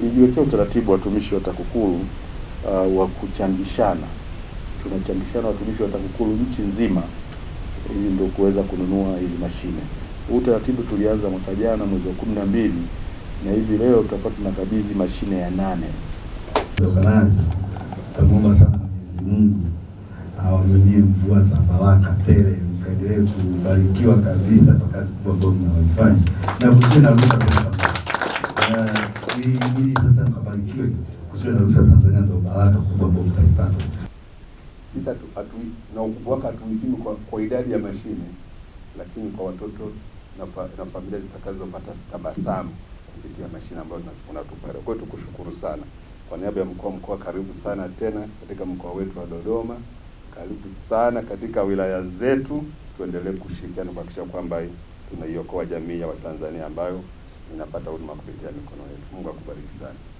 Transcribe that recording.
tulijiwekea utaratibu watumishi wa TAKUKURU uh, wa kuchangishana, tunachangishana watumishi wa TAKUKURU nchi nzima ili ndio kuweza kununua hizi mashine. Huu utaratibu tulianza mwaka jana mwezi wa kumi na mbili na hivi leo tutakuwa tunakabidhi mashine ya nane Tutamwomba sana Mwenyezi Mungu mvua za baraka tele, kubarikiwa kabisa kwa kazi kubwa ambayo na na ili ili sasa na Tanzania, ndio baraka kubwa ambayo mtaipata. na ukubwa wake hatuipimi kwa, kwa idadi ya mashine, lakini kwa watoto na, fa, na familia zitakazopata tabasamu kupitia mashine ambayo unatupa leo. Kwa hiyo tukushukuru sana kwa niaba ya mkoa mkoa, karibu sana tena katika mkoa wetu wa Dodoma, karibu sana katika wilaya zetu. Tuendelee kushirikiana kuhakikisha kwamba tunaiokoa jamii ya Watanzania ambayo inapata huduma kupitia mikono yetu. Mungu akubariki sana.